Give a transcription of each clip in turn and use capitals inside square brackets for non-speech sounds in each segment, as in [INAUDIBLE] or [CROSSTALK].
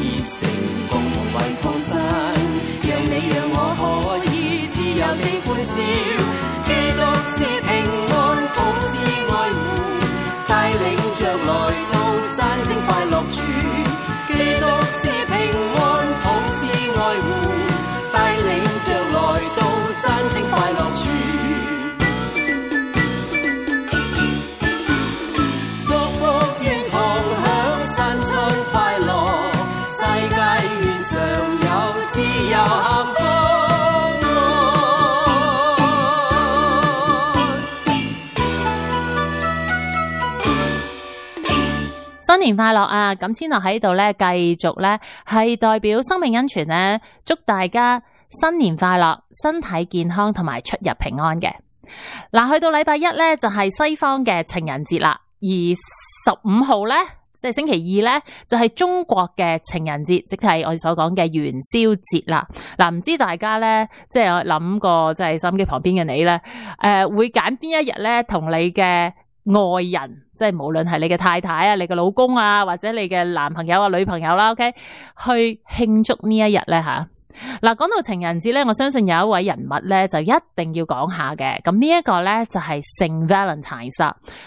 熱誠共為創新，讓你讓我可以自由地歡笑。新年快樂啊！咁千諾喺度呢，繼續呢，係代表生命恩泉呢，祝大家新年快樂、身體健康同埋出入平安嘅。嗱，去到禮拜一呢，就係西方嘅情人節啦，而十五號呢，即係星期二呢，就係中國嘅情人節，即係我哋所講嘅元宵節啦。嗱，唔知大家呢，即係我諗過即係收音機旁邊嘅你呢，誒會揀邊一日呢，同你嘅愛人？即係無論係你嘅太太啊、你嘅老公啊，或者你嘅男朋友啊、女朋友啦，OK，去慶祝呢一日咧吓。嗱，講到情人節咧，我相信有一位人物咧就一定要講下嘅。咁呢一個咧就係聖 Valentine。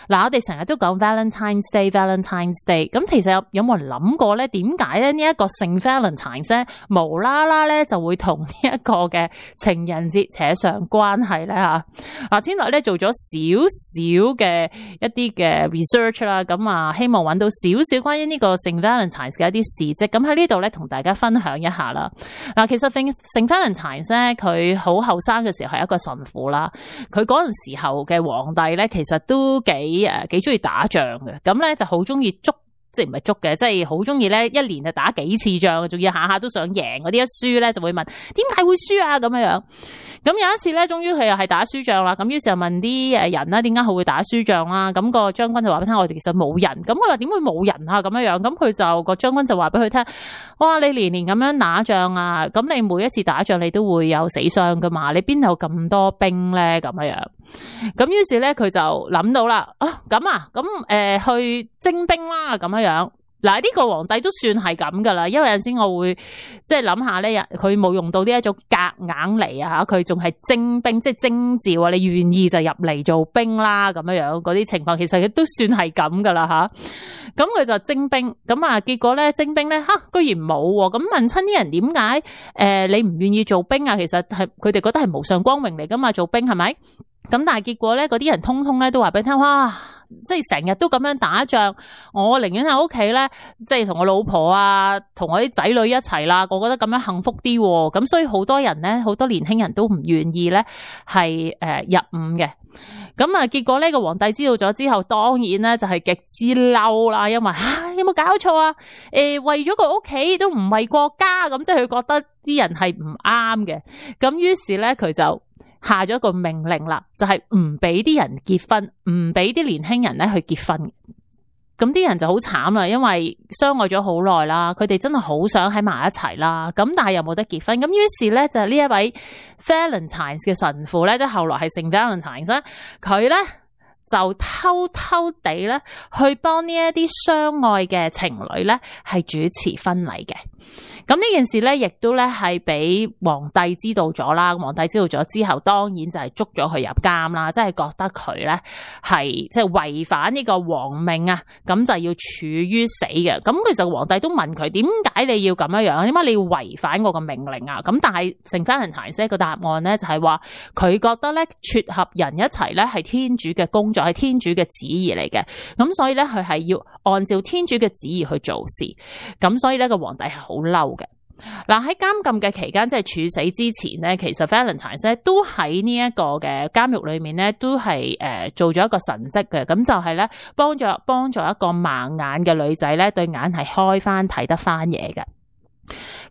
嗱，我哋成日都講 Valentine’s Day，Valentine’s Day。咁其實有有冇人諗過咧？點解咧呢一個聖 Valentine 無啦啦咧就會同呢一個嘅情人節扯上關係咧？吓，嗱，天來咧做咗少少嘅一啲嘅 research 啦。咁啊，希望揾到少少關於呢個聖 Valentine 嘅一啲事蹟。咁喺呢度咧同大家分享一下啦。嗱。其實聖聖凡人柴咧，佢好後生嘅時候係一個神父啦。佢嗰陣時候嘅皇帝咧，其實都幾，誒幾中意打仗嘅，咁咧就好中意捉。即係唔係捉嘅，即係好中意咧，一年就打幾次仗，仲要下下都想贏。嗰啲一輸咧，就會問點解會輸啊咁樣樣。咁有一次咧，終於佢又係打輸仗啦。咁於是就問啲誒人啦，點解佢會打輸仗啦？咁個將軍就話俾佢聽，我哋其實冇人。咁佢話點會冇人啊？咁樣樣咁佢就個將軍就話俾佢聽，哇！你年年咁樣打仗啊，咁你每一次打仗你都會有死傷噶嘛，你邊有咁多兵咧？咁樣樣。咁於是咧，佢就諗到啦啊，咁啊，咁誒、呃、去徵兵啦，咁樣樣嗱，呢、這個皇帝都算係咁噶啦。因為有陣先我會即係諗下咧，佢冇用到呢一種夾硬嚟啊，佢仲係徵兵，即係徵召你願意就入嚟做兵啦，咁樣樣嗰啲情況其實佢都算係咁噶啦吓。咁、啊、佢就徵兵，咁啊，結果咧徵兵咧，吓、啊、居然冇咁、啊、問親啲人點解誒，你唔願意做兵啊？其實係佢哋覺得係無上光榮嚟噶嘛，做兵係咪？是咁但係結果咧，嗰啲人通通咧都話俾你聽，哇！即係成日都咁樣打仗，我寧願喺屋企咧，即係同我老婆啊，同我啲仔女一齊啦，我覺得咁樣幸福啲。咁所以好多人咧，好多年輕人都唔願意咧係誒入伍嘅。咁啊，結果呢個皇帝知道咗之後，當然咧就係極之嬲啦，因為啊有冇搞錯啊？誒、啊呃，為咗個屋企都唔為國家，咁即係佢覺得啲人係唔啱嘅。咁於是咧佢就。下咗個命令啦，就係唔俾啲人結婚，唔俾啲年輕人咧去結婚。咁啲人就好慘啦，因為相愛咗好耐啦，佢哋真係好想喺埋一齊啦。咁但係又冇得結婚，咁於是咧就呢一位 Valentine 嘅神父咧，即係後來係聖 Valentine，所以佢咧就偷偷地咧去幫呢一啲相愛嘅情侶咧係主持婚禮嘅。咁呢件事咧，亦都咧係俾皇帝知道咗啦。皇帝知道咗之後，當然就係捉咗佢入監啦，即係覺得佢咧係即係違反呢個皇命啊，咁就要處於死嘅。咁其實皇帝都問佢：點解你要咁樣樣？點解你要違反我個命令啊？咁但係剩返人柴一個答案咧，就是，就係話佢覺得咧撮合人一齊咧係天主嘅工作，係天主嘅旨意嚟嘅。咁所以咧，佢係要按照天主嘅旨意去做事。咁所以咧，個皇帝係好嬲。嗱喺監禁嘅期間，即係處死之前咧，其實 Valentine 都喺呢一個嘅監獄裏面咧，都係誒做咗一個神蹟嘅，咁就係咧幫助幫助一個盲眼嘅女仔咧，對眼係開翻睇得翻嘢嘅。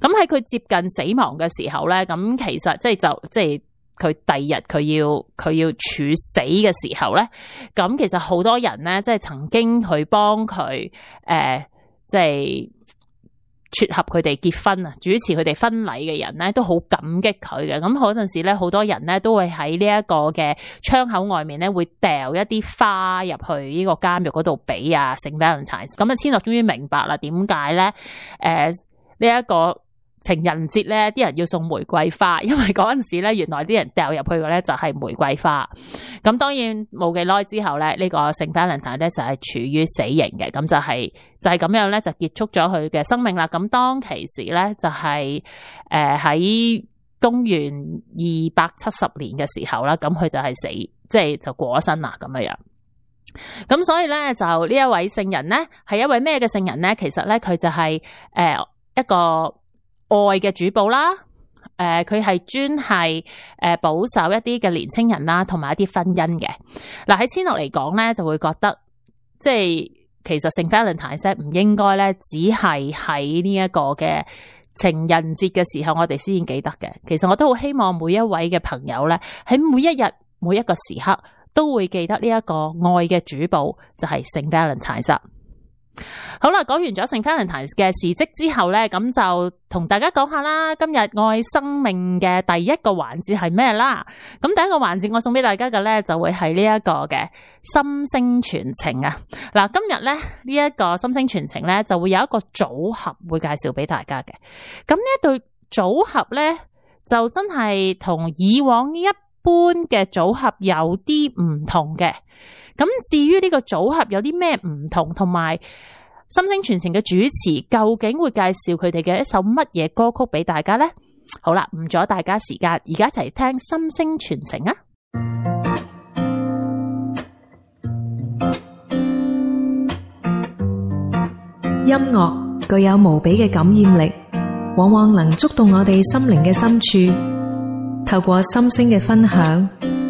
咁喺佢接近死亡嘅時候咧，咁其實即係就即係佢第日佢要佢要處死嘅時候咧，咁其實好多人咧，即係曾經去幫佢誒，即、呃、係。就係撮合佢哋結婚啊！主持佢哋婚禮嘅人咧都好感激佢嘅。咁嗰陣時咧，好多人咧都會喺呢一個嘅窗口外面咧，會掉一啲花入去呢個監獄嗰度畀啊，Saint Valentine。咁啊，千樂終於明白啦，點解咧？誒，呢一個。情人節咧，啲人要送玫瑰花，因為嗰陣時咧，原來啲人掉入去嘅咧就係玫瑰花。咁當然冇幾耐之後咧，呢、這個聖凡倫坦咧就係處於死刑嘅，咁就係就係咁樣咧就結束咗佢嘅生命啦。咁當其時咧就係誒喺公元二百七十年嘅時候啦，咁佢就係死，即係就過、是、咗身啦，咁樣樣。咁所以咧就呢一位聖人咧係一位咩嘅聖人咧？其實咧佢就係、是、誒、呃、一個。愛嘅主報啦，誒、呃，佢係專係誒保守一啲嘅年青人啦，同埋一啲婚姻嘅。嗱喺簽落嚟講咧，就會覺得即係其實聖 Valentine 節唔應該咧，只係喺呢一個嘅情人節嘅時候，我哋先記得嘅。其實我都好希望每一位嘅朋友咧，喺每一日每一個時刻都會記得呢一個愛嘅主報，就係聖 Valentine 節。好啦，講完咗聖方濟嘅事蹟之後呢，咁就同大家講下啦。今日愛生命嘅第一個環節係咩啦？咁第一個環節我送俾大家嘅呢，就會係呢一個嘅心聲傳情啊。嗱，今日呢，呢一個心聲傳情呢，就會有一個組合會介紹俾大家嘅。咁呢一對組合呢，就真係同以往一般嘅組合有啲唔同嘅。咁至於呢個組合有啲咩唔同，同埋心聲傳承嘅主持究竟會介紹佢哋嘅一首乜嘢歌曲俾大家呢？好啦，唔阻大家時間，而家一齊聽心聲傳承啊！音樂具有無比嘅感染力，往往能觸動我哋心靈嘅深處。透過心聲嘅分享。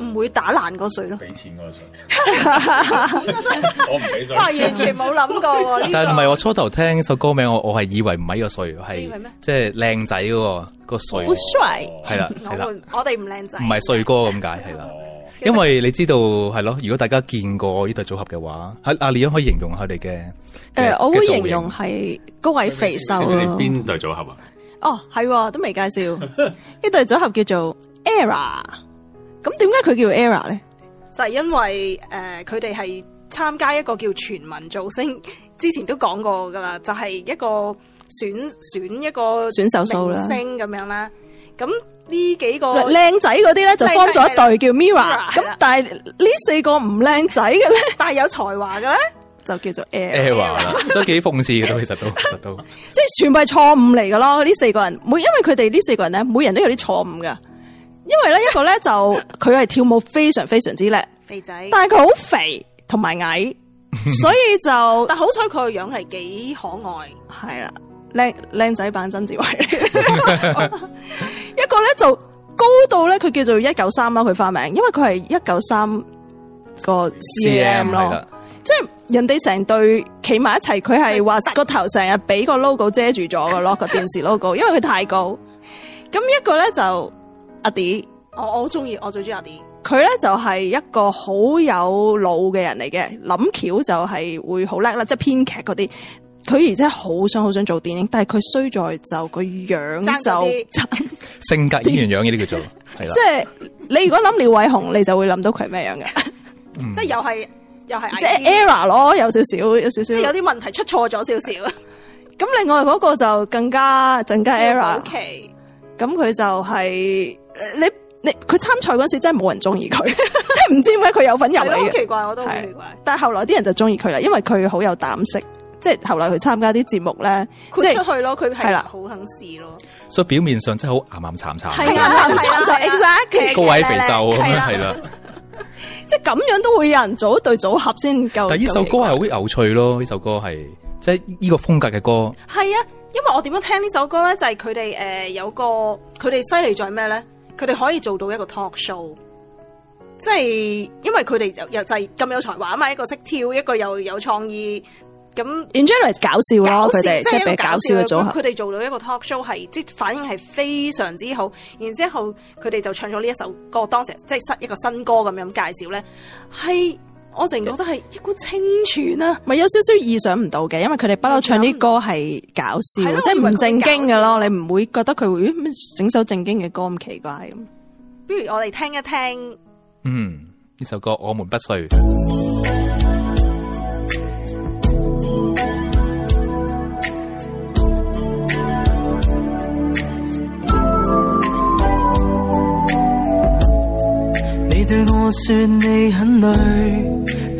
唔會打爛個稅咯，俾錢個稅， [LAUGHS] [LAUGHS] 我唔俾給 [LAUGHS] 完全冇諗過、 [LAUGHS] 這個。但係唔係我初頭聽首歌名，我我係以為唔係個稅，係即係靚仔、那個個稅，係啦係啦，我哋唔靚仔，唔係帥哥咁解係啦。因為你知道係咯，如果大家見過呢對組合嘅話，喺阿李欣可以形容下佢哋嘅，誒、呃，我會形容係高位肥瘦咯。邊 [LAUGHS] 對組合啊？哦，係都未介紹，呢 [LAUGHS] 對組合叫做 ERROR。咁點解佢叫 ERROR 咧？就係、是、因為誒，佢哋係參加一個叫全民造星，之前都講過噶啦，就係、是、一個選選一個這選手數啦。星咁樣啦。咁呢幾個靚仔嗰啲咧就幫咗一隊叫 MIRROR，咁但係呢四個唔靚仔嘅咧， [LAUGHS] 但係有才華嘅咧就叫做 ERROR 啦。所以幾諷刺嘅都 [LAUGHS] 其實都，實都即係、就是、全部係錯誤嚟噶咯。呢四,四個人每因為佢哋呢四個人咧，每人都有啲錯誤噶。因為咧，一個咧就佢係跳舞非常非常之叻肥仔，但係佢好肥同埋矮，所以就但好彩佢個樣係幾可愛係啦，靚靚仔版曾志偉。 [LAUGHS] [LAUGHS] [LAUGHS] 一個咧就高度咧，佢叫做一九三啦。佢花名，因為佢係一九三個 CM 咯，即係人哋成對企埋一齊，佢係話個頭成日俾個 logo 遮住咗噶咯，個電視 logo，因為佢太高。咁一個咧就阿迪，我我好中意，我最中意阿迪。佢咧就係、是、一個好有腦嘅人嚟嘅，諗橋就係會好叻啦，即係編劇嗰啲。佢而家好想好想做電影，但係佢衰在就個樣就性格演員 [LAUGHS] 樣，呢啲叫做係啦。即係、就是、你如果諗廖偉雄，你就會諗到佢咩樣嘅，即係又係又係即係 error 咯，有少少有少少有啲問題出錯咗少少。咁 [LAUGHS] 另外嗰個就更加更加 error、哦。咁佢就係、是。你你佢參賽嗰時真係冇人中意佢，即係唔知點解佢有份入嚟嘅。好奇怪，我都好奇怪。但係後來啲人就中意佢啦，因為佢好有膽識。即、就、係、是、後來佢參加啲節目咧，即係出去咯，佢係啦，好肯試咯。所以表面上真係好啱啱，慘慘、啊，係啱，啱慘 exactly 高矮肥瘦咁、啊啊啊啊啊、樣，係啦、啊。即係咁樣都會有人組一對組合先夠。但呢首歌係好有，有趣咯，呢首歌係即係呢個風格嘅歌。係啊，因為我點樣聽呢首歌咧，就係佢哋誒有個佢哋犀利在咩咧？呃佢哋可以做到一個 talk show，即係因為佢哋又又就係、是、咁有才華啊嘛，一個識跳，一個又有,有創意，咁 in general 搞笑咯，佢哋即係搞笑嘅組合。佢哋做到一個 talk show 係即反應係非常之好，然之後佢哋就唱咗呢一首歌，當時即係新一個新歌咁樣介紹咧，係。我淨覺得係一股清泉啊，咪有少少意想唔到嘅。因為佢哋不嬲唱啲歌係搞笑的，即係唔正經嘅咯，你唔會覺得佢會整首正經嘅歌咁奇怪？不如我哋聽一聽，嗯，呢首歌《我們不需》，你對我說你很累。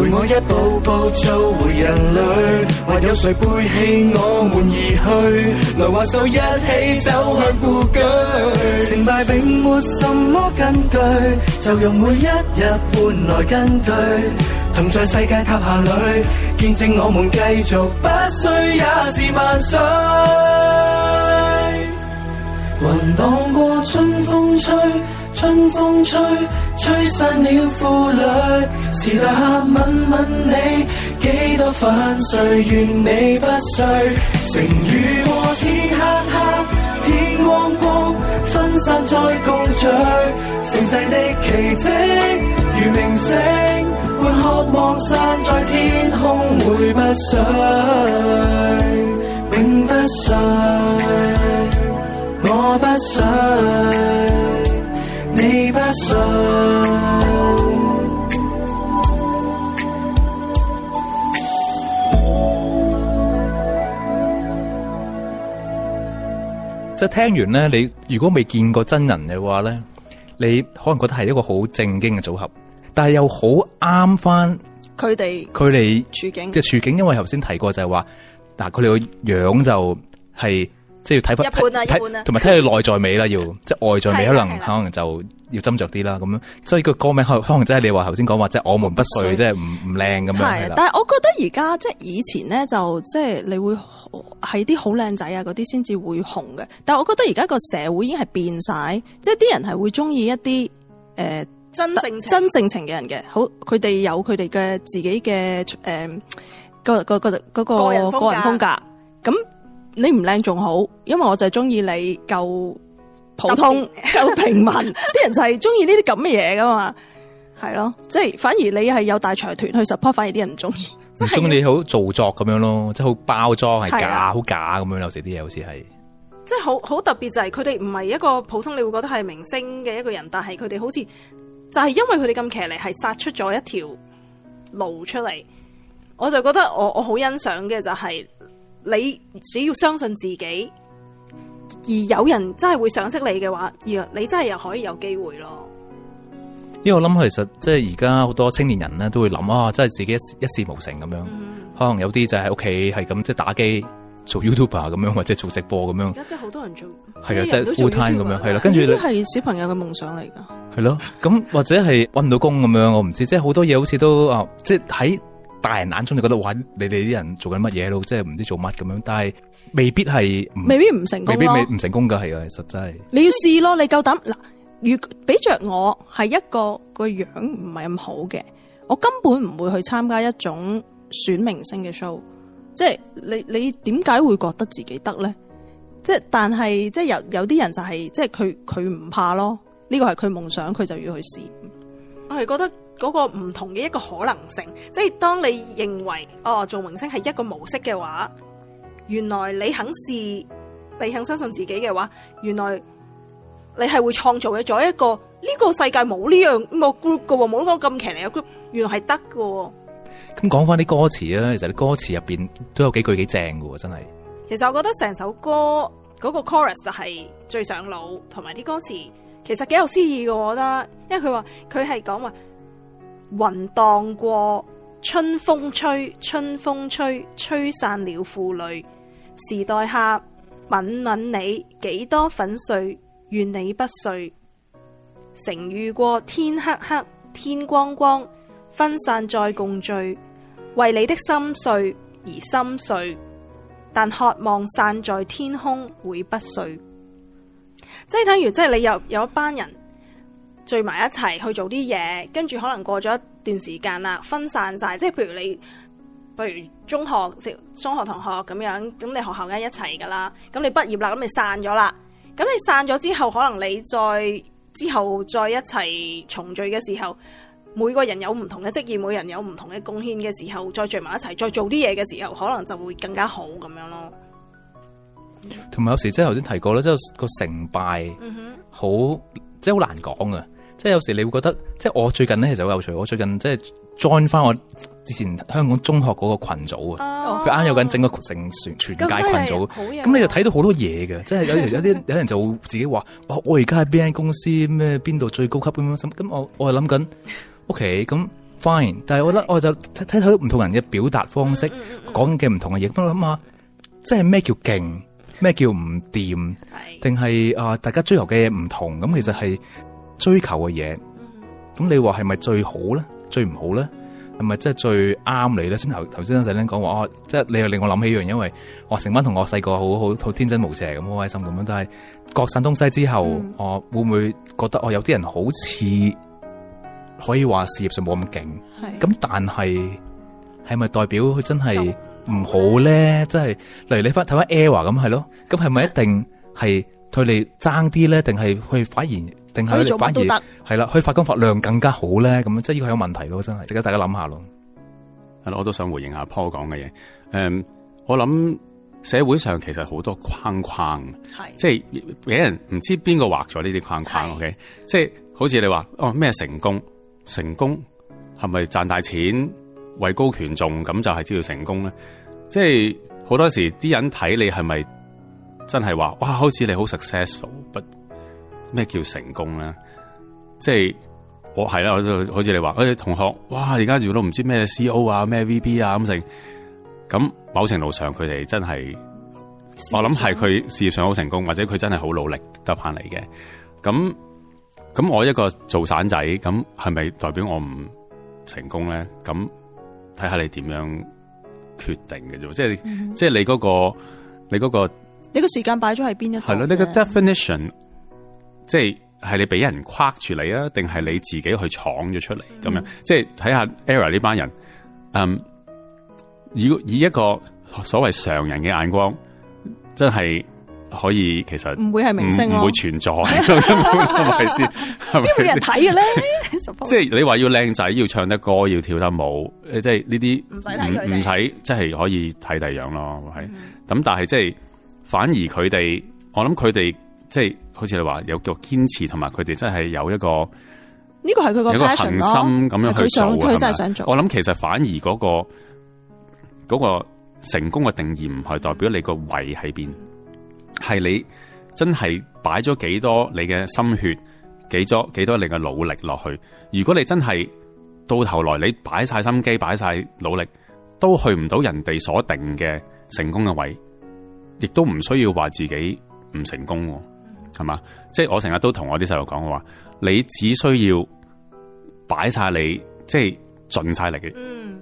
陪我一步步做回人類，還有誰背棄我們而去？來挽手一起走向故居。成敗並沒什麼根據，就用每一日換來根據。同在世界塔下裏，見證我們繼續不需也是萬歲。雲蕩過，春風吹。春風吹，吹散了負累。是那刻吻吻你，幾多紛碎，願你不睡？晴雨過，天黑黑，天光光，分散再共聚。盛世的奇跡，如明星，會渴望散在天空，會不碎，永不睡，我不碎。你不信？即係聽完呢，你如果未見過真人嘅話咧，你可能覺得係一個好正經嘅組合，但係又好啱翻佢哋，佢哋處境，即係處境。因為頭先提過就係話，嗱，佢哋個樣就係、是。即、就、係、是、要睇翻，同埋睇佢內在美啦，要即係外在美可能可能就要斟酌啲啦。咁樣，所以個歌名可能可能真係你話頭先講話，即係我們不帥，即係唔唔靚咁樣。係，但係我覺得而家即係以前咧，就即係你會喺啲好靚仔啊嗰啲先至會紅嘅。但係我覺得而家個社會已經係變晒，即係啲人係會中意一啲誒真性真性情嘅人嘅。好，佢哋有佢哋嘅自己嘅誒、呃嗰個、嗰個、嗰個個個人風格咁。你唔靚仲好，因為我就係中意你夠普通，夠平民，啲 [LAUGHS] 人就係中意呢啲咁嘅嘢噶嘛，係咯，即係反而你係有大財團去 support，反而啲人唔中意，唔中意你好做作咁樣咯，即係好包裝係假，好、啊、假咁樣，有時啲嘢好似係，即係好好特別就係佢哋唔係一個普通你會覺得係明星嘅一個人，但係佢哋好似就係因為佢哋咁騎嚟，係殺出咗一條路出嚟，我就覺得我我好欣賞嘅就係、是。你只要相信自己，而有人真係會賞識你嘅話，你真係又可以有機會咯。因為我諗其實即係而家好多青年人咧都會諗啊，真係自己一事無成咁樣，嗯，可能有啲就喺屋企係咁即係打機做 YouTuber 咁樣，或者做直播咁樣。而家真係好多人做，係啊，即係 full time 咁樣，係啦。跟住都係小朋友嘅夢想嚟噶。係咯，咁或者係搵唔到工咁樣，我唔知。即係好多嘢好似都啊，即係喺。大人眼中你覺得哇，你哋啲人做緊乜嘢咯？即係唔知做乜咁樣，但係未必係未必唔成功，未必未唔成功噶係啊！實際你要試咯，你夠膽嗱？如俾着我係一個個樣唔係咁好嘅，我根本唔會去參加一種選明星嘅 show 即。即係你你點解會覺得自己得咧？即係但係即係有有啲人就係、係、即係佢佢唔怕咯。呢個係佢夢想，佢就要去試。我係覺得。嗰個唔同嘅一個可能性，即係當你認為哦做明星係一個模式嘅話，原來你肯試，你肯相信自己嘅話，原來你係會創造咗一個呢個世界冇呢樣個 group 嘅，冇呢個咁騎呢嘅 group，原來係得嘅。咁講翻啲歌詞咧，其實啲歌詞入邊都有幾句幾正嘅，真係。其實我覺得成首歌嗰個 chorus 就係最上腦，同埋啲歌詞其實幾有詩意嘅。我覺得，因為佢話佢係講話。雲蕩過，春風吹，春風吹，吹散了負累。時代下，吻吻你，幾多粉碎，願你不碎，成遇過天黑黑，天光光，分散再共聚，為你的心碎而心碎，但渴望散在天空會不碎。即係等如，即係你有有一班人。聚埋一齊去做啲嘢，跟住可能過咗一段時間啦，分散晒，即係譬如你，譬如中學即中學同學咁樣，咁你學校梗係一齊噶啦，咁你畢業啦，咁你散咗啦。咁你散咗之後，可能你再之後再一齊重聚嘅時候，每個人有唔同嘅職業，每人有唔同嘅貢獻嘅時候，再聚埋一齊，再做啲嘢嘅時候，可能就會更加好咁樣咯。同埋有，有時即係頭先提過啦，即係個成敗好，mm-hmm. 即係好難講啊。即係有時你會覺得，即係我最近咧其實好有趣。我最近即係 join 翻，我之前香港中學嗰個群組啊，佢啱有緊整個成全全界群組。咁、啊、你就睇到好多嘢嘅，啊，即係有有啲有人就自己話， [LAUGHS] 哦，我而家喺邊間公司咩邊度最高級咁咁。咁我我諗緊，OK 咁 fine。但係我覺得我就睇睇到唔同人嘅表達方式，講嘅唔同嘅嘢，咁我諗下，即係咩叫勁，咩叫唔掂，定係啊大家追求嘅嘢唔同。咁其實係。嗯追求嘅嘢，咁你話係咪最好咧？最唔好咧？係咪即係最啱你咧？先頭頭先細講話哦，即係你又令我諗起一樣，因為我成班同我細個好好好天真無邪咁，好開心咁樣，但係各散東西之後，我、嗯哦、會唔會覺得我有啲人好似可以話事業上冇咁勁，咁但係係咪代表佢真係唔好咧？即係、就是、例如你翻睇翻 Air 華咁係咯，咁係咪一定係佢哋爭啲咧？定係佢反而？定係反而係啦，佢發光發亮更加好咧。咁即係呢個係有問題咯，真係。而家大家諗下咯。係咯，我都想回應下 p 坡講嘅嘢。誒，我諗社會上其實好多框框，係即係俾人唔知邊個畫咗呢啲框框。O、okay? K，即係好似你話哦，咩成功？成功係咪賺大錢、位高權重咁就係知道成功咧？即係好多時啲人睇你係咪真係話哇，好似你好 successful 不？咩叫成功咧？即係我係啦，我，我就好似你話嗰啲同學，哇，而家遇到唔知咩 C.O. 啊，咩 V.B. 啊，咁成咁。某程度上，佢哋真係我諗係佢事業上好成功，或者佢真係好努力得翻嚟嘅。咁咁，咁我一個做散仔，咁係咪代表我唔成功咧？咁睇下你點樣決定嘅啫。即係即係你嗰、嗰個你嗰個你個時間擺咗喺邊一度係咯？你、嗰個你個你個 definition。即係係你俾人框住你啊，定係你自己去闖咗出嚟咁樣？即係睇下 era 呢班人，嗯，以以一個所謂常人嘅眼光，真係可以其實唔會係明星，唔會存在係咪先？點 [LAUGHS] 咪不是？有 [LAUGHS] 人睇嘅咧？即係你話要靚仔， [LAUGHS] 要唱得歌，要跳得舞，誒，即係呢啲唔唔使，即係可以睇第樣咯。係咁，但係即係反而佢哋，我諗佢哋即係。好似你話有個堅持，同埋佢哋真係有一個呢個係佢個恒心咁樣去做，做，是是真想做，我諗其實反而嗰、嗰個、嗰個成功嘅定義唔係代表你個位喺邊，係、嗯、你真係擺咗幾多你嘅心血，幾多幾多你嘅努力落去。如果你真係到頭來你擺晒心機，擺晒努力，都去唔到人哋所定嘅成功嘅位，亦都唔需要話自己唔成功。係嘛？即係我成日都同我啲細路講話，你只需要擺晒你，即係盡晒力嘅。嗯，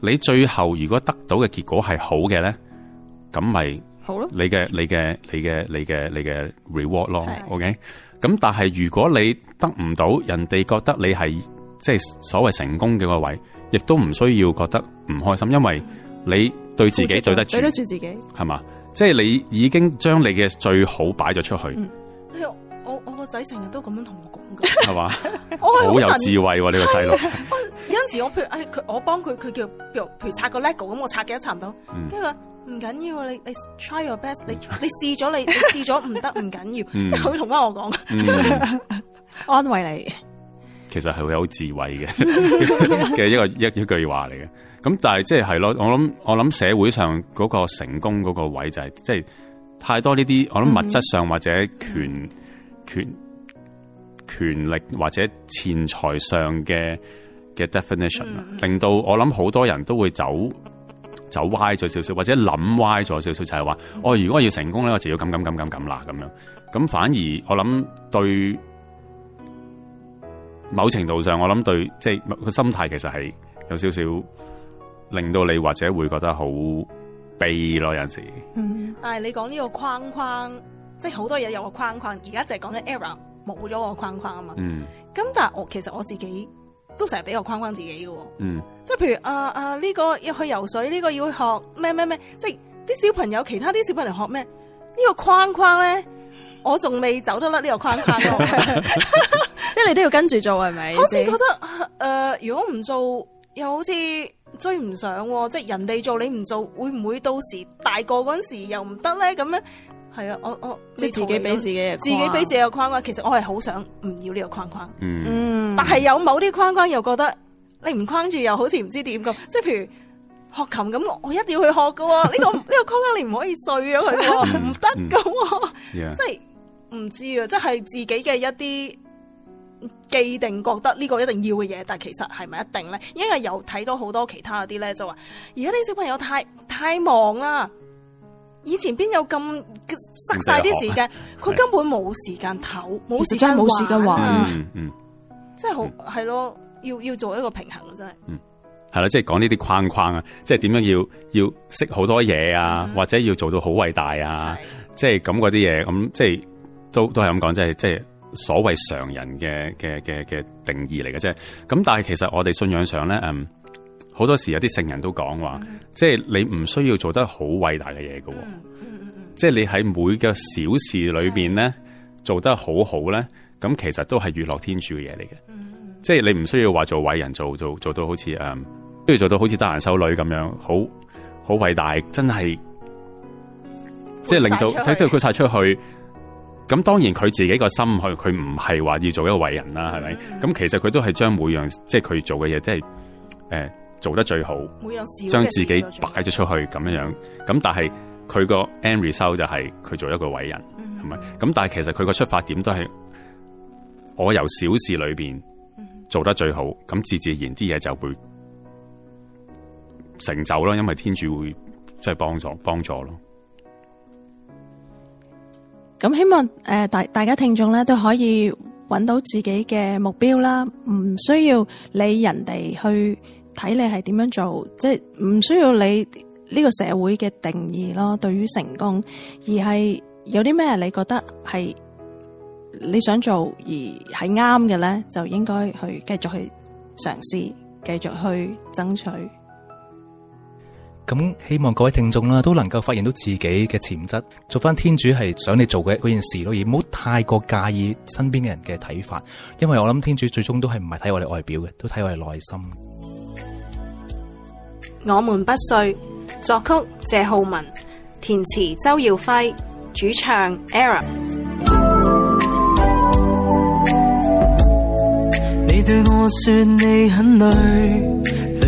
你最後如果得到嘅結果係好嘅咧，咁咪好咯？你嘅你嘅你嘅你嘅你嘅 reward 咯，OK？咁但係如果你得唔到，人哋覺得你係即係所謂成功嘅個位，亦都唔需要覺得唔開心，因為你對自己對得住，對得住自己，係嘛？即係你已經將你嘅最好擺咗出去。嗯我我個仔成日都咁樣同我講噶，係 [LAUGHS] 嘛？好有智慧喎、啊，呢個細路。有陣時我譬，、啊、我幫譬如誒，佢我幫佢，佢叫譬如拆個 lego 咁，我拆嘅都拆唔到。跟住話唔緊要，你你 try your best，你你試咗，你試咗唔得唔緊要。佢同翻我講，嗯、 [LAUGHS] 安慰你。其實係會有智慧嘅嘅 [LAUGHS] [LAUGHS] [LAUGHS] 一個一一,一句話嚟嘅。咁但係即係係咯，我諗我諗社會上嗰個成功嗰個位就係、是、即係。太多呢啲，我諗物質上或者權、嗯、權權力或者錢財上嘅嘅 definition 令、嗯、到我諗好多人都會走走歪咗少少，或者諗歪咗少少，就係、是、話哦，如果我要成功咧，我就要咁咁咁咁咁啦咁樣。咁反而我諗對某程度上，我諗對即係個心態，其實係有少少令到你或者會覺得好。弊咯，有時。嗯 [NOISE] 但係你講呢個框框，即係好多嘢有個框框，而家就係講緊 error，冇咗個框框啊嘛。嗯、mm。咁、hmm. 但係我其實我自己都成日俾個框框自己嘅。嗯、mm。Hmm. 即係譬如啊啊呢個要去游水，呢、這個要去學咩咩咩，即係啲小朋友，其他啲小朋友學咩？呢、這個框框咧，我仲未走得甩呢個框框。即係你都要跟住做係咪？好似覺得誒、呃，如果唔做，又好似。追唔上喎、啊，即係人哋做你唔做，會唔會到時大個嗰陣時又唔得咧？咁咧，係啊，我我即係自己俾自己個框框，自己俾自己個框框。其實我係好想唔要呢個框框，嗯，但係有某啲框框又覺得你唔框住，又好似唔知點咁。即係譬如學琴咁，我一定要去學噶喎、啊。呢、呢個呢 [LAUGHS] 個框框你唔可以碎咗佢、啊，唔得噶喎。即係唔知啊，即係自己嘅一啲。既定覺得呢個一定要嘅嘢，但係其實係咪一定咧？因為有睇到好多其他啲咧，就話而家啲小朋友太太忙啦，以前邊有咁塞晒啲時間，佢根本冇時間唞，冇時間玩，即係好係咯，要要做一個平衡，真係，嗯，係啦，即係講呢啲框框啊，即係點樣要要識好多嘢啊，或者要做到好偉大啊，即係咁嗰啲嘢，咁即係都都係咁講，即係、嗯、即係。所謂常人嘅嘅嘅嘅定義嚟嘅啫，咁但係其實我哋信仰上咧，嗯，好多時候有啲聖人都講話，即、mm-hmm. 係你唔需要做得好偉大嘅嘢嘅，即、mm-hmm. 係你喺每個小事裏邊咧、mm-hmm. 做得很好好咧，咁其實都係娛樂天主嘅嘢嚟嘅，即、mm-hmm. 係你唔需要話做偉人，做做做到好似誒，都、嗯、要做到好似德蘭修女咁樣，好好偉大，真係，即係、就是、令到，即係推晒出去。咁當然佢自己個心去，佢唔係話要做一個偉人啦，係咪？咁、mm-hmm. 其實佢都係將每樣即係佢做嘅嘢，即係誒做得最好，每將自己擺咗出去咁樣、mm-hmm. 樣。咁但係佢個 end result 就係佢做一個偉人，係咪？咁、mm-hmm. 但係其實佢個出發點都係我由小事裏邊做得最好，咁自自然啲嘢就會成就咯。因為天主會即係幫助幫助咯。咁希望誒大大家聽眾咧都可以揾到自己嘅目標啦，唔需，需要你人哋去睇你係點樣做，即係唔需要你呢個社會嘅定義咯，對於成功，而係有啲咩你覺得係你想做而係啱嘅咧，就應該去繼續去嘗試，繼續去爭取。咁希望各位聽眾啦都能夠發現到自己嘅潛質，做翻天主係想你做嘅嗰件事咯，而唔好太過介意身邊嘅人嘅睇法，因為我諗天主最終都係唔係睇我哋外表嘅，都睇我哋內心。我們不碎，作曲謝浩文，填詞周耀輝，主唱 Era。你對我說你很累。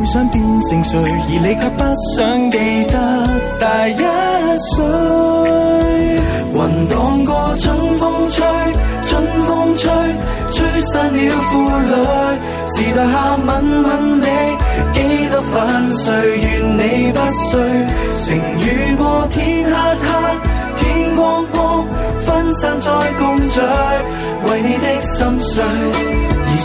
會想變成誰？而你卻不想記得大一歲。雲蕩過，春風吹，春風吹，吹散了負累。時代下，吻吻你，幾多煩碎，願你不睡。晴雨過，天黑黑，天光光，分散再共聚。為你的心碎。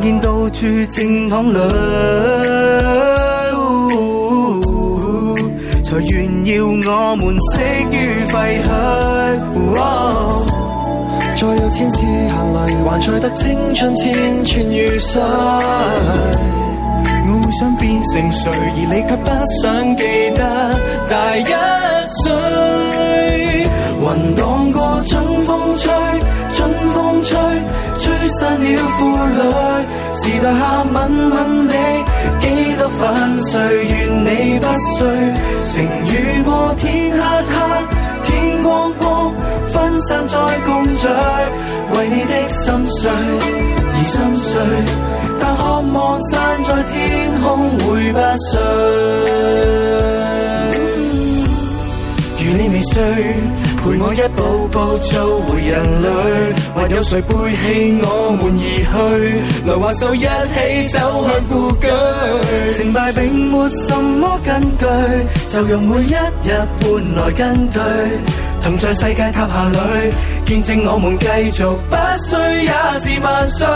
看見到處正躺裏、哦哦，才炫耀我們死於廢墟。再有千次行雷，還再得青春千串雨水。我會想變成誰，而你卻不想記得大一歲。雲蕩過，春風吹。失了負累，時代下吻吻你，幾多紛碎，願你不碎。成雨過天黑黑，天光光，分散再共聚，為你的心碎，而心碎。但渴望散在天空會不碎，如你未睡。陪我一步步做回人類，還有誰背棄我們而去？來挽手一起走向故居。成敗並沒什麼根據，就用每一日換來根據。同在世界塔下裏，見證我們繼續，不需也是萬歲。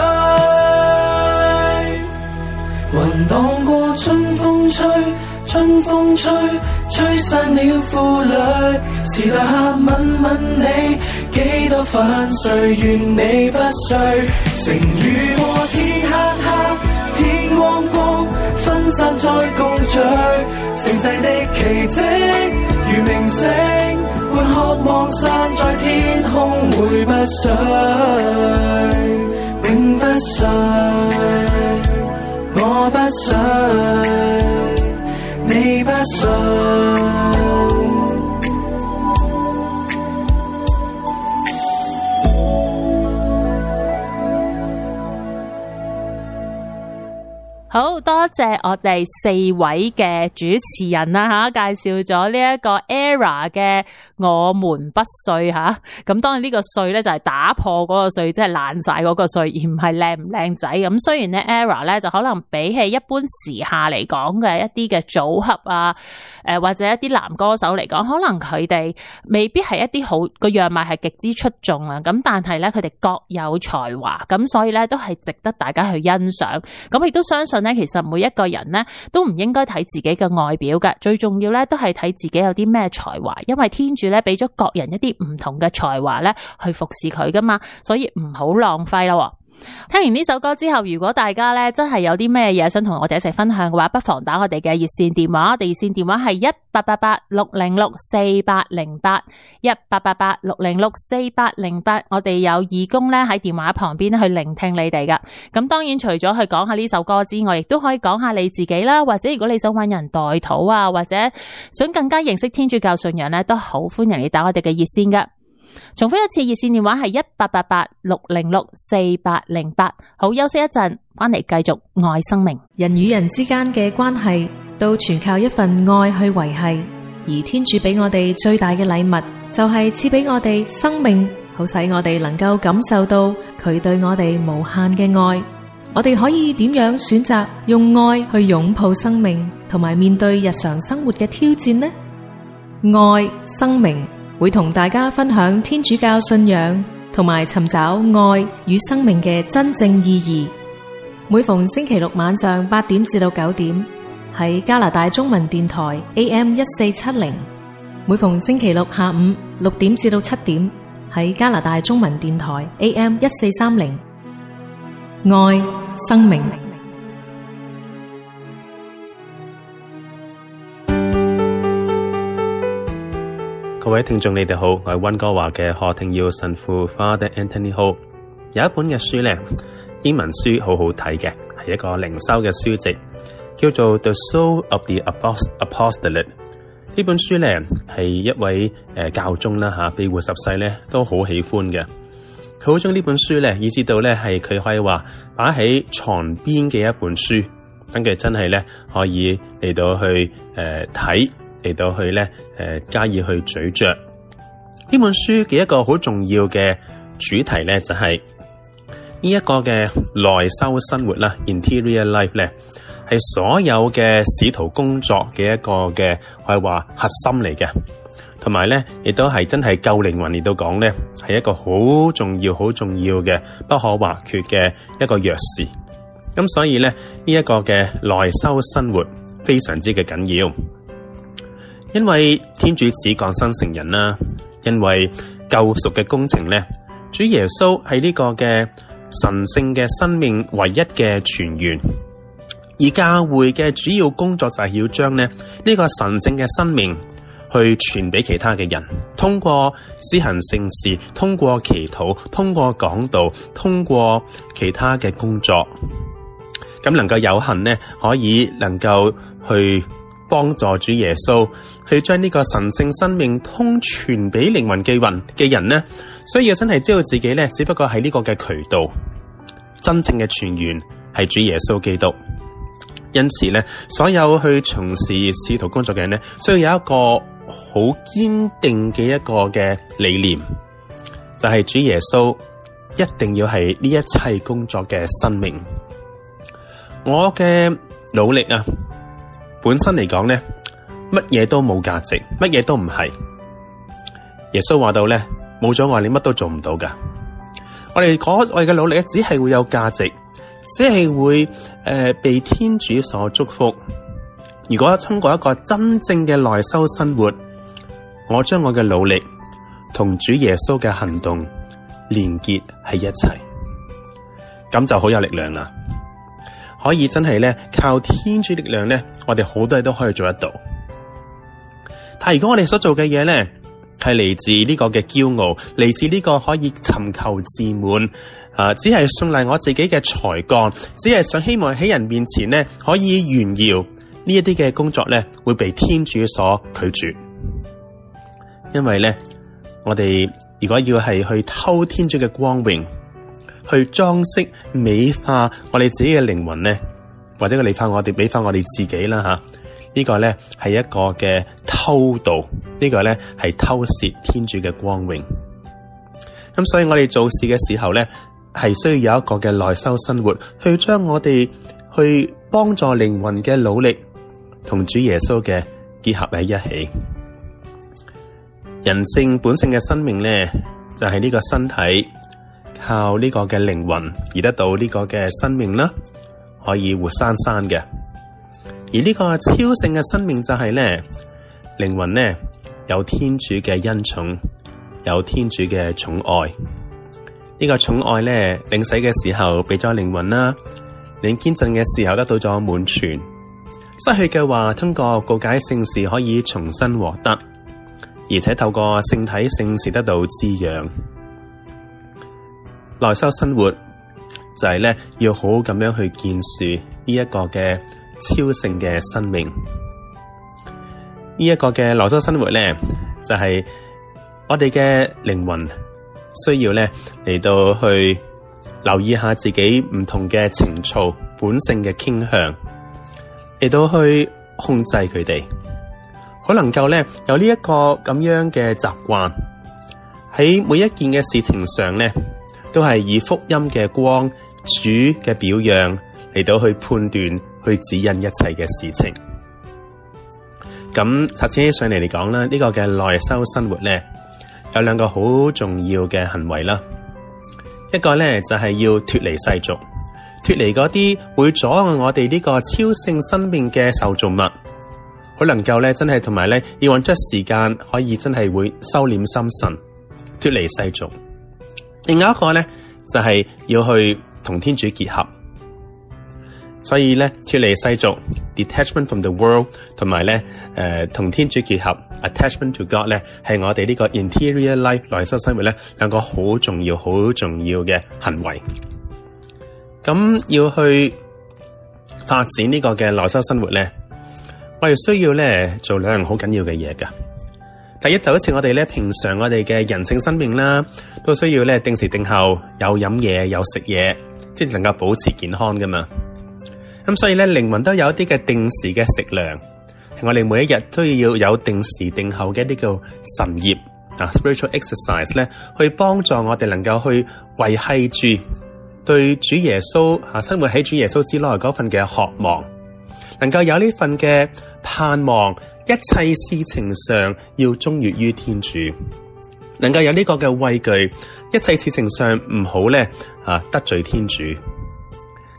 雲蕩過春風吹。春風吹，吹散了負累。時樓下吻吻你，幾多粉碎，願你不碎？成雨過，天黑黑，天光光，分散再共聚。盛世的奇跡，如明星，會渴望散在天空，會不碎，永不碎，我不碎。你不信。好多謝我哋四位嘅主持人啦，吓、啊、介紹咗、啊、呢一個 ERA 嘅我們不碎吓。咁當然呢個碎咧就係、是、打破嗰個碎，即、就、係、是、爛晒嗰個碎，而唔係靚唔靚仔。咁、啊、雖然咧 ERA 咧就可能比起一般時下嚟講嘅一啲嘅組合啊，誒、呃、或者一啲男歌手嚟講，可能佢哋未必係一啲好個樣貌係極之出衆啊。咁、啊、但係咧佢哋各有才華，咁所以咧都係值得大家去欣賞。咁、啊、亦都相信。咧其實每一個人咧都唔應該睇自己嘅外表嘅，最重要咧都係睇自己有啲咩才華，因為天主咧俾咗各人一啲唔同嘅才華咧去服侍佢噶嘛，所以唔好浪費咯。聽完呢首歌之後，如果大家咧真係有啲咩嘢想同我哋一齊分享嘅話，不妨打我哋嘅熱線電話。我哋熱線電話係一八八八六零六四八零八一八八八六零六四八零八。我哋有義工咧喺電話旁邊去聆聽你哋噶。咁當然除咗去講下呢首歌之外，亦都可以講下你自己啦。或者如果你想揾人代禱啊，或者想更加認識天主教信仰呢，都好歡迎你打我哋嘅熱線噶。重複一次熱線電話係一八八八六零六四八零八。好，休息一陣，翻嚟繼續愛生命。人與人之間嘅關係都全靠一份愛去維繫，而天主俾我哋最大嘅禮物就係賜俾我哋生命，好使我哋能夠感受到佢對我哋無限嘅愛。我哋可以點樣選擇用愛去擁抱生命，同埋面對日常生活嘅挑戰呢？愛生命。會同大家分享天主教信仰，同埋尋找愛與生命嘅真正意義。每逢星期六晚上8點至9點，喺加拿大中文電台 AM 1470；每逢星期六下午6點至到7點，喺加拿大中文電台 AM 1430。愛，生命。各位聽眾，你哋好，我係溫哥華嘅何庭耀神父 Father Anthony Ho。有一本嘅書咧，英文書好好睇嘅，係一個靈修嘅書籍，叫做《The Soul of the Apostolate》。呢本書咧係一位誒、呃、教宗啦吓，庇、啊、護十世咧都好喜歡嘅。佢好中呢本書咧，以至到咧係佢可以話擺喺床邊嘅一本書，真嘅真係咧可以嚟到去誒睇。呃看嚟到去咧，誒、呃，加以去嘴咀嚼呢本書嘅一個好重要嘅主題咧，就係、是這個、 [NOISE] 呢一個嘅內修生活啦。Interior life 咧係所有嘅使徒工作嘅一個嘅係話核心嚟嘅，同埋咧亦都係真係救靈魂嚟到講咧，係一個好重要、好重要嘅不可或缺嘅一個鑰匙。咁所以咧呢一、這個嘅內修生活非常之嘅緊要。因為天主子降生成人啦，啊，因為救贖嘅工程咧，主耶穌係呢個嘅神聖嘅生命唯一嘅傳員，而教會嘅主要工作就係要將咧呢，這個神聖嘅生命去傳俾其他嘅人，通過施行聖事，通過祈禱，通過講道，通過其他嘅工作，咁能夠有幸咧可以能夠去。幫助主耶穌去將呢個神聖生命通傳俾靈魂寄運嘅人呢，所以真係知道自己呢，只不過係呢個嘅渠道，真正嘅傳源係主耶穌基督。因此呢，所有去從事使徒工作嘅人呢，需要有一個好堅定嘅一個嘅理念，就係、是、主耶穌一定要係呢一切工作嘅生命。我嘅努力啊！本身嚟講咧，乜嘢都冇價值，乜嘢都唔係。耶穌話到咧，冇咗我你乜都做唔到噶。我哋嗰我哋嘅努力只係會有價值，只係會誒、呃、被天主所祝福。如果通過一個真正嘅內修生活，我將我嘅努力同主耶穌嘅行動連結喺一齊，咁就好有力量啦。可以真係咧靠天主力量咧，我哋好多嘢都可以做得到。但如果我哋所做嘅嘢咧係嚟自呢個嘅驕傲，嚟自呢個可以尋求自滿，啊，只係信賴我自己嘅才幹，只係想希望喺人面前咧可以炫耀，呢一啲嘅工作咧會被天主所拒絕，因為咧我哋如果要係去偷天主嘅光榮。去裝飾美化我哋自己嘅靈魂咧，或者個理化我哋美化我哋自己啦吓，呢個咧係一個嘅偷盜，呢個咧係偷竊天主嘅光榮。咁所以我哋做事嘅時候咧，係需要有一個嘅內修生活，去將我哋去幫助靈魂嘅努力同主耶穌嘅結合喺一起。人性本性嘅生命咧，就係呢個身體。靠呢個嘅靈魂而得到呢個嘅生命啦，可以活生生嘅。而呢個超性嘅生命就係咧，靈魂咧有天主嘅恩寵，有天主嘅寵愛。呢、這個寵愛咧，領洗嘅時候俾咗靈魂啦，領堅振嘅時候得到咗滿全，失去嘅話通過告解聖事可以重新獲得，而且透過聖體聖事得到滋養。內修生活就係咧，要好好咁樣去建樹呢一個嘅超性嘅生命。呢一個嘅內修生活咧，就係我哋嘅靈魂需要咧嚟到去留意下自己唔同嘅情操本性嘅傾向，嚟到去控制佢哋，可能夠咧有呢一個咁樣嘅習慣喺每一件嘅事情上咧。都係以福音嘅光、主嘅表揚嚟到去判斷、去指引一切嘅事情。咁插起上嚟嚟講咧，呢、這個嘅內修生活咧，有兩個好重要嘅行為啦。一個咧就係、是、要脫離世俗，脫離嗰啲會阻礙我哋呢個超性生命嘅受造物，好能夠咧真係同埋咧要揾出時間，可以真係會收斂心神，脫離世俗。另外一個咧就係、是、要去同天主結合，所以咧脫離世俗，detachment from the world，同埋咧誒同天主結合，attachment to God 咧係我哋呢個 interior life 內修生活咧兩個好重要、好重要嘅行為。咁要去發展呢個嘅內修生活咧，我哋需要咧做兩樣好緊要嘅嘢噶。第一就好似我哋咧，平常我哋嘅人性生命啦，都需要咧定時定候，有飲嘢有食嘢，即係能夠保持健康噶嘛。咁所以咧，靈魂都有一啲嘅定時嘅食糧，係我哋每一日都要有定時定候嘅一啲叫神業啊，spiritual exercise 咧，去幫助我哋能夠去維繫住對主耶穌吓、啊，生活喺主耶穌之內嗰份嘅渴望，能夠有呢份嘅。盼望一切事情上要忠悅於天主，能夠有呢個嘅畏懼，一切事情上唔好咧啊得罪天主。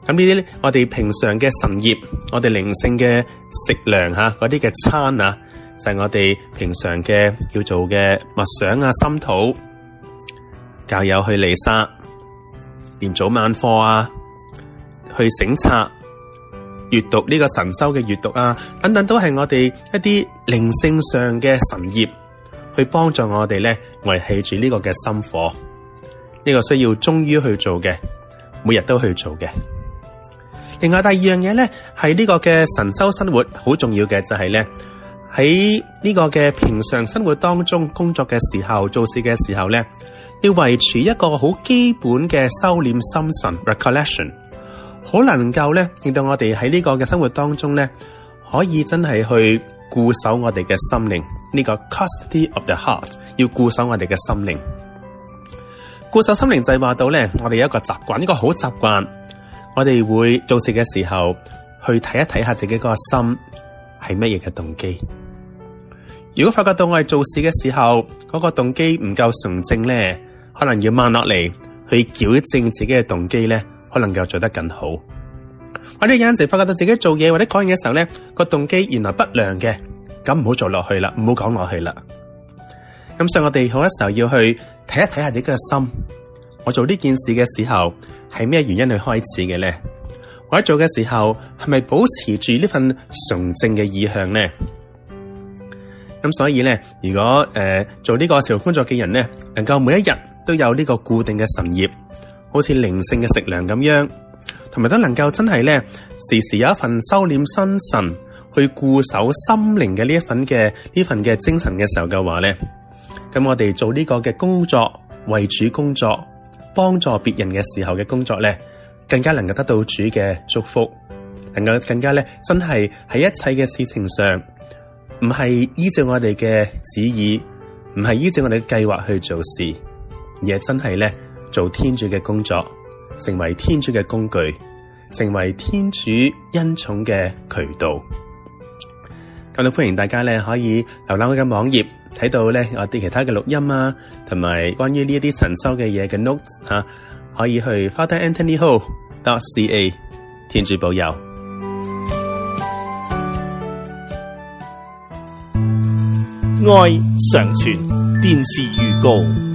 咁呢啲咧，我哋平常嘅神業，我哋靈性嘅食糧吓、啊，嗰啲嘅餐啊，就係我哋平常嘅叫做嘅默想啊、心禱，教友去彌撒，念早晚課啊，去省察。閱讀呢個神修嘅閱讀啊，等等都係我哋一啲靈性上嘅神業，去幫助我哋咧，維繫住呢個嘅心火。呢個需要忠於去做嘅，每日都去做嘅。另外第二樣嘢咧，係呢個嘅神修生活好重要嘅，就係咧喺呢個嘅平常生活當中工作嘅時候、做事嘅時候咧，要維持一個好基本嘅收斂心神 recollection。好能夠咧，令到我哋喺呢個嘅生活當中咧，可以真係去固守我哋嘅心靈呢個 custody of the heart，要固守我哋嘅心靈。固守心靈就係話到咧，我哋有一個習慣，一個好習慣，我哋會做事嘅時候去睇一睇下自己個心係乜嘢嘅動機。如果發覺到我哋做事嘅時候嗰個動機唔夠純正咧，可能要慢落嚟去矯正自己嘅動機咧。不能夠做得更好。或者有陣時發覺到自己做嘢或者講嘢嘅時候咧，個動機原來不良嘅，咁唔好做落去啦，唔好講落去啦。咁所以我哋好多時候要去睇一睇下自己嘅心。我做呢件事嘅時候係咩原因去開始嘅咧？或者做嘅時候係咪保持住呢份純正嘅意向咧？咁所以咧，如果誒、呃、做呢個社會工作嘅人咧，能夠每一日都有呢個固定嘅神業。好似靈性嘅食糧咁樣，同埋都能夠真係咧，時時有一份收斂心神去固守心靈嘅呢一份嘅呢份嘅精神嘅時候嘅話咧，咁我哋做呢個嘅工作為主工作，幫助別人嘅時候嘅工作咧，更加能夠得到主嘅祝福，能夠更加咧真係喺一切嘅事情上，唔係依照我哋嘅旨意，唔係依照我哋嘅計劃去做事，而係真係咧。做天主嘅工作，成為天主嘅工具，成為天主恩寵嘅渠道。咁啊，歡迎大家咧可以瀏覽我嘅網頁，睇到咧我啲其他嘅錄音啊，同埋關於呢一啲神修嘅嘢嘅 notes 吓、啊，可以去 f a t a n t h o n y h o c a 天主保佑，愛常傳。電視預告。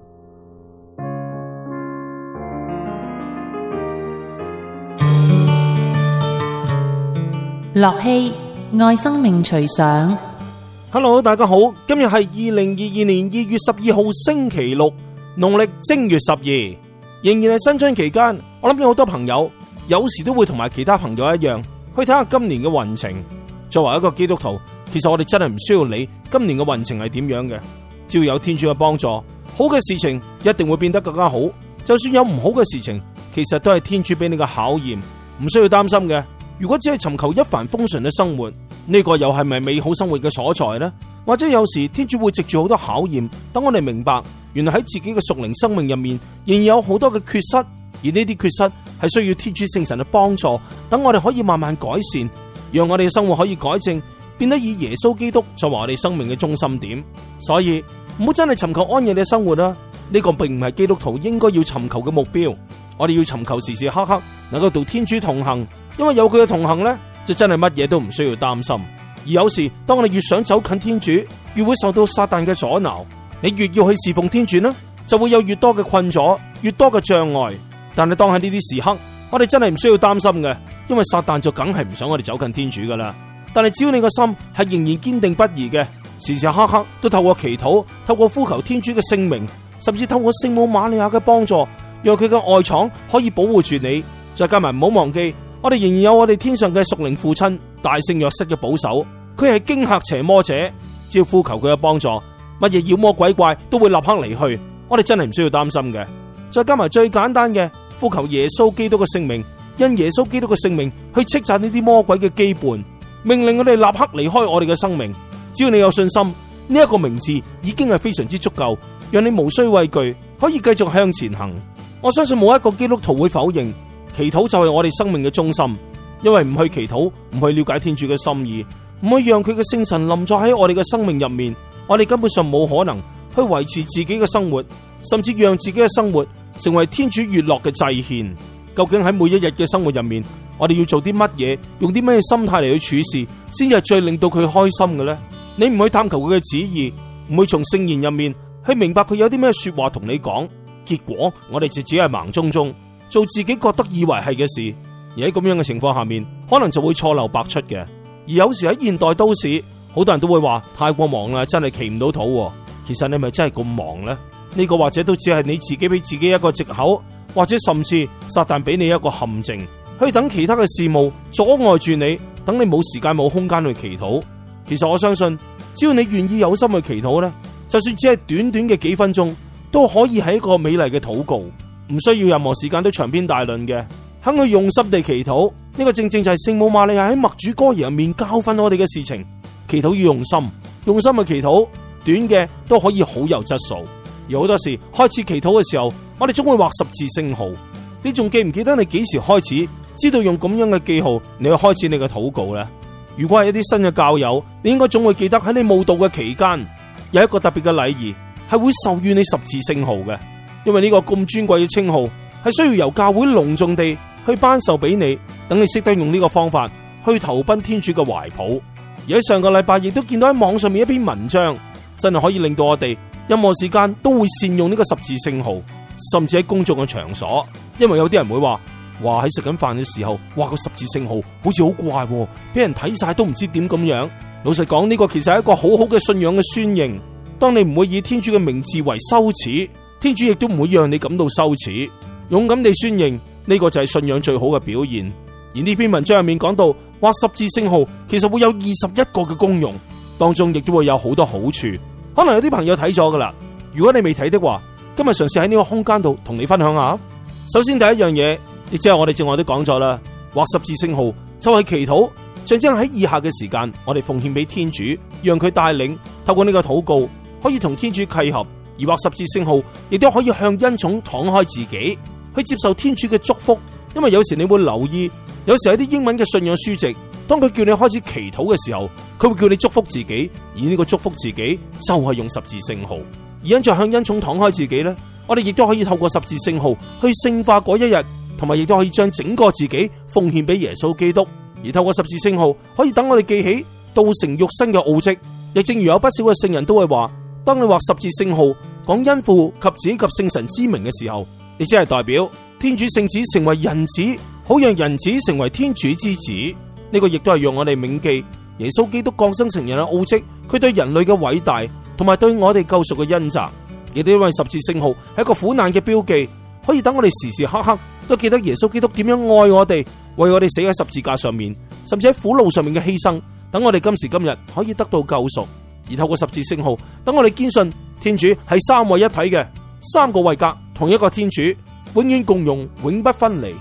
樂器愛生命隨想，Hello，大家好，今日係二零二二年二月十二號星期六，農曆正月十二，仍然係新春期間。我諗有好多朋友，有時都會同埋其他朋友一樣，去睇下今年嘅運程。作為一個基督徒，其實我哋真係唔需要理今年嘅運程係點樣嘅，只要有天主嘅幫助，好嘅事情一定會變得更加好。就算有唔好嘅事情，其實都係天主俾你嘅考驗，唔需要擔心嘅。如果只係尋求一帆風順嘅生活，呢個又係咪美好生活嘅所在呢？或者有時天主會藉住好多考驗，等我哋明白，原來喺自己嘅屬靈生命入面，仍然有好多嘅缺失，而呢啲缺失係需要天主聖神嘅幫助，等我哋可以慢慢改善，讓我哋嘅生活可以改正，變得以耶穌基督作為我哋生命嘅中心點。所以唔好真係尋求安逸嘅生活啦，呢個並唔係基督徒應該要尋求嘅目標。我哋要尋求時時刻刻能夠同天主同行。因為有佢嘅同行呢，就真係乜嘢都唔需要擔心。而有時，當你越想走近天主，越會受到撒旦嘅阻撓。你越要去侍奉天主呢，就會有越多嘅困阻，越多嘅障礙。但係當喺呢啲時刻，我哋真係唔需要擔心嘅，因為撒旦就梗係唔想我哋走近天主噶啦。但係只要你個心係仍然堅定不移嘅，時時刻刻都透過祈禱，透過呼求天主嘅聖名，甚至透過聖母瑪利亞嘅幫助，讓佢嘅外廠可以保護住你。再加埋唔好忘記。我哋仍然有我哋天上嘅屬靈父親、大聖若瑟嘅保守，佢係驚嚇邪魔者，只要呼求佢嘅幫助，乜嘢妖魔鬼怪都會立刻離去。我哋真係唔需要擔心嘅。再加埋最簡單嘅，呼求耶穌基督嘅聖名，因耶穌基督嘅聖名去斥責呢啲魔鬼嘅羈絆，命令佢哋立刻離開我哋嘅生命。只要你有信心，呢一個名字已經係非常之足夠，讓你無需畏懼，可以繼續向前行。我相信冇一個基督徒會否認。祈禱就係我哋生命嘅中心，因為唔去祈禱，唔去了解天主嘅心意，唔去讓佢嘅聖神臨在喺我哋嘅生命入面，我哋根本上冇可能去維持自己嘅生活，甚至讓自己嘅生活成為天主悅樂嘅祭獻。究竟喺每一日嘅生活入面，我哋要做啲乜嘢，用啲咩心態嚟去處事，先至係最令到佢開心嘅呢？你唔去探求佢嘅旨意，唔去從聖言入面去明白佢有啲咩說話同你講，結果我哋就只係盲中中。做自己覺得以為係嘅事，而喺咁樣嘅情況下面，可能就會錯漏百出嘅。而有時喺現代都市，好多人都會話太過忙啦，真係祈唔到禱。其實你係咪真係咁忙呢？呢個或者都只係你自己俾自己一個借口，或者甚至撒旦俾你一個陷阱，去等其他嘅事務阻礙住你，等你冇時間冇空間去祈禱。其實我相信，只要你願意有心去祈禱呢，就算只係短短嘅幾分鐘，都可以係一個美麗嘅禱告。唔需要任何時間都長篇大論嘅，肯去用心地祈禱，呢個正正就係聖母瑪利亞喺默主哥耶入面教訓我哋嘅事情。祈禱要用心，用心去祈禱，短嘅都可以好有質素。而好多時開始祈禱嘅時候，我哋總會畫十字星號。你仲記唔記得你幾時開始知道用咁樣嘅記號，你去開始你嘅禱告呢？如果係一啲新嘅教友，你應該總會記得喺你慕道嘅期間，有一個特別嘅禮儀係會授予你十字星號嘅。因為呢個咁尊貴嘅稱號，係需要由教會隆重地去頒授俾你，等你識得用呢個方法去投奔天主嘅懷抱。而喺上個禮拜亦都見到喺網上面一篇文章，真係可以令到我哋任何時間都會善用呢個十字聖號，甚至喺工作嘅場所。因為有啲人會話哇，喺食緊飯嘅時候畫個十字聖號，好似好怪，俾人睇晒都唔知點咁樣。老實講，呢、這個其實係一個好好嘅信仰嘅宣認。當你唔會以天主嘅名字為羞恥，天主亦都唔會讓你感到羞恥，勇敢地宣認呢個就係信仰最好嘅表現。而呢篇文章入面講到畫十字星號，其實會有二十一個嘅功用，當中亦都會有好多好處。可能有啲朋友睇咗噶啦，如果你未睇的話，今日嘗試喺呢個空間度同你分享下。首先第一樣嘢，亦即係我哋正話都講咗啦，畫十字星號就係祈禱，象徵喺以下嘅時間，我哋奉獻俾天主，讓佢帶領，透過呢個禱告，可以同天主契合。而畫十字聖號，亦都可以向恩寵敞開自己，去接受天主嘅祝福。因為有時你會留意，有時喺啲英文嘅信仰書籍，當佢叫你開始祈禱嘅時候，佢會叫你祝福自己。而呢個祝福自己就係用十字聖號，而再向恩寵敞開自己呢，我哋亦都可以透過十字聖號去聖化嗰一日，同埋亦都可以將整個自己奉獻俾耶穌基督。而透過十字聖號，可以等我哋記起道成肉身嘅奧蹟。亦正如有不少嘅聖人都會話。當你畫十字聖號，講恩父及子及聖神之名嘅時候，你只係代表天主聖子成為人子，好讓人子成為天主之子。呢個亦都係讓我哋銘記耶穌基督降生成人嘅奧跡，佢對人類嘅偉大，同埋對我哋救贖嘅恩澤。亦都因為十字聖號係一個苦難嘅標記，可以等我哋時時刻刻都記得耶穌基督點樣愛我哋，為我哋死喺十字架上面，甚至喺苦路上面嘅犧牲，等我哋今時今日可以得到救贖。而透過十字聖號，等我哋堅信天主係三位一體嘅，三個位格同一個天主，永遠共融，永不分離。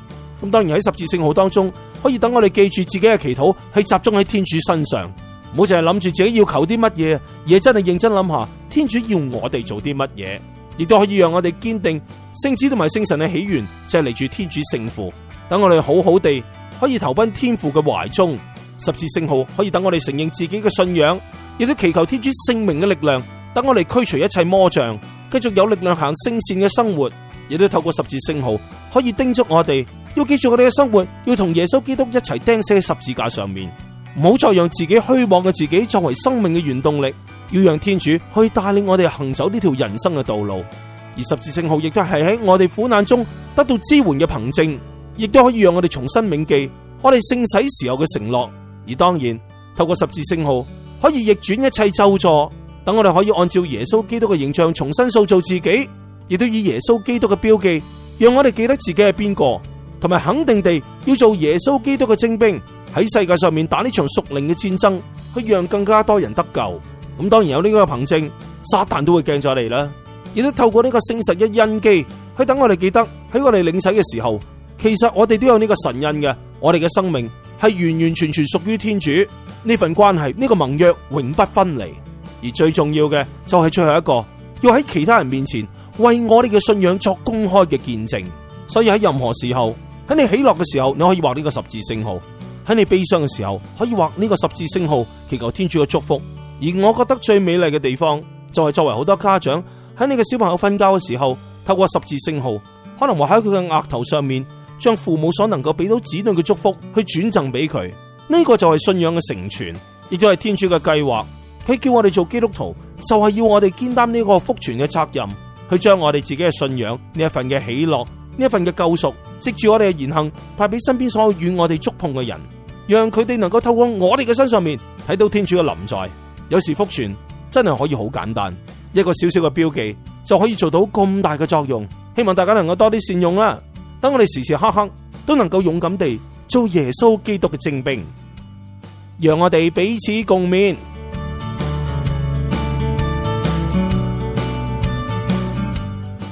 咁當然喺十字聖號當中，可以等我哋記住自己嘅祈禱，去集中喺天主身上，唔好淨係諗住自己要求啲乜嘢，而係真係認真諗下，天主要我哋做啲乜嘢，亦都可以讓我哋堅定，聖子同埋聖神嘅起源，就係嚟自天主聖父，等我哋好好地可以投奔天父嘅懷中。十字聖號可以等我哋承認自己嘅信仰。亦都祈求天主聖名嘅力量，等我哋驅除一切魔障，繼續有力量行聖善嘅生活。亦都透過十字聖號，可以叮囑我哋要記住我哋嘅生活，要同耶穌基督一齊釘死喺十字架上面，唔好再讓自己虛妄嘅自己作為生命嘅原動力。要讓天主去帶領我哋行走呢條人生嘅道路。而十字聖號亦都係喺我哋苦難中得到支援嘅憑證，亦都可以讓我哋重新銘記我哋聖洗時候嘅承諾。而當然透過十字聖號，可以逆轉一切咒詛，等我哋可以按照耶穌基督嘅形象重新塑造自己，亦都以耶穌基督嘅標記，讓我哋記得自己係邊個，同埋肯定地要做耶穌基督嘅精兵，喺世界上面打呢場屬靈嘅戰爭，去讓更加多人得救。咁當然有呢個憑證，撒旦都會驚咗你啦。亦都透過呢個聖十一印記，去等我哋記得喺我哋領洗嘅時候，其實我哋都有呢個神印嘅，我哋嘅生命。係完完全全屬於天主呢份關係，呢個盟約永不分離，而最重要嘅就係最後一個，要喺其他人面前為我哋嘅信仰作公開嘅見證。所以喺任何時候，喺你喜樂嘅時候，你可以畫呢個十字星號；喺你悲傷嘅時候，可以畫呢個十字星號，祈求天主嘅祝福。而我覺得最美麗嘅地方，就係作為好多家長喺你嘅小朋友瞓覺嘅時候，透過十字星號，可能畫喺佢嘅額頭上面。將父母所能夠俾到子女嘅祝福去轉贈俾佢，呢、這個就係信仰嘅成全，亦都係天主嘅計劃。佢叫我哋做基督徒，就係、是、要我哋肩擔呢個福傳嘅責任，去將我哋自己嘅信仰呢一份嘅喜樂，呢一份嘅救贖，藉住我哋嘅言行，派俾身邊所有與我哋觸碰嘅人，讓佢哋能夠透過我哋嘅身上面睇到天主嘅臨在。有時福傳真係可以好簡單，一個小小嘅標記就可以做到咁大嘅作用。希望大家能夠多啲善用啦。等我哋時時刻刻都能夠勇敢地做耶穌基督嘅精兵，讓我哋彼此共勉。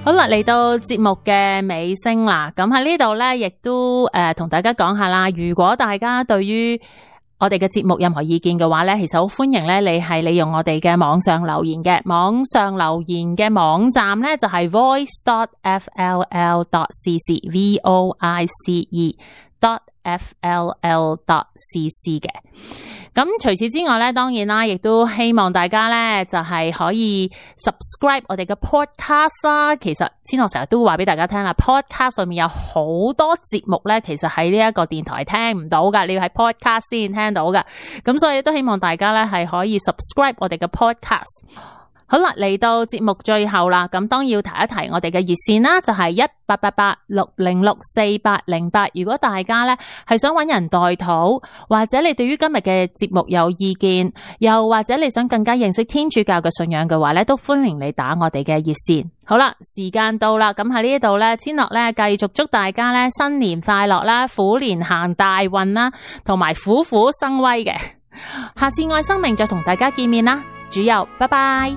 好啦，嚟到節目嘅尾聲啦，咁喺呢度呢，亦都誒同大家講下啦。如果大家對於我哋嘅節目任何意見嘅話咧，其實好歡迎咧。你係利用我哋嘅網上留言嘅網上留言嘅網站咧，就係 voice dot f l l dot c c v o i c e dot f l l dot c c 嘅。咁除此之外咧，當然啦，亦都希望大家咧就係可以 subscribe 我哋嘅 podcast 啦。其實千鶴成日都話俾大家聽啦，podcast 上面有好多節目咧，其實喺呢一個電台聽唔到噶，你要喺 podcast 先聽到噶。咁所以都希望大家咧係可以 subscribe 我哋嘅 podcast。好啦，嚟到節目最後啦，咁當然要提一提我哋嘅熱線啦，就係一八八八六零六四八零八。如果大家呢係想揾人代禱，或者你對於今日嘅節目有意見，又或者你想更加認識天主教嘅信仰嘅話呢，都歡迎你打我哋嘅熱線。好啦，時間到啦，咁喺呢一度呢，千樂呢繼續祝大家呢新年快樂啦，虎年行大運啦，同埋虎虎生威嘅。下次愛生命再同大家見面啦，主佑，拜拜。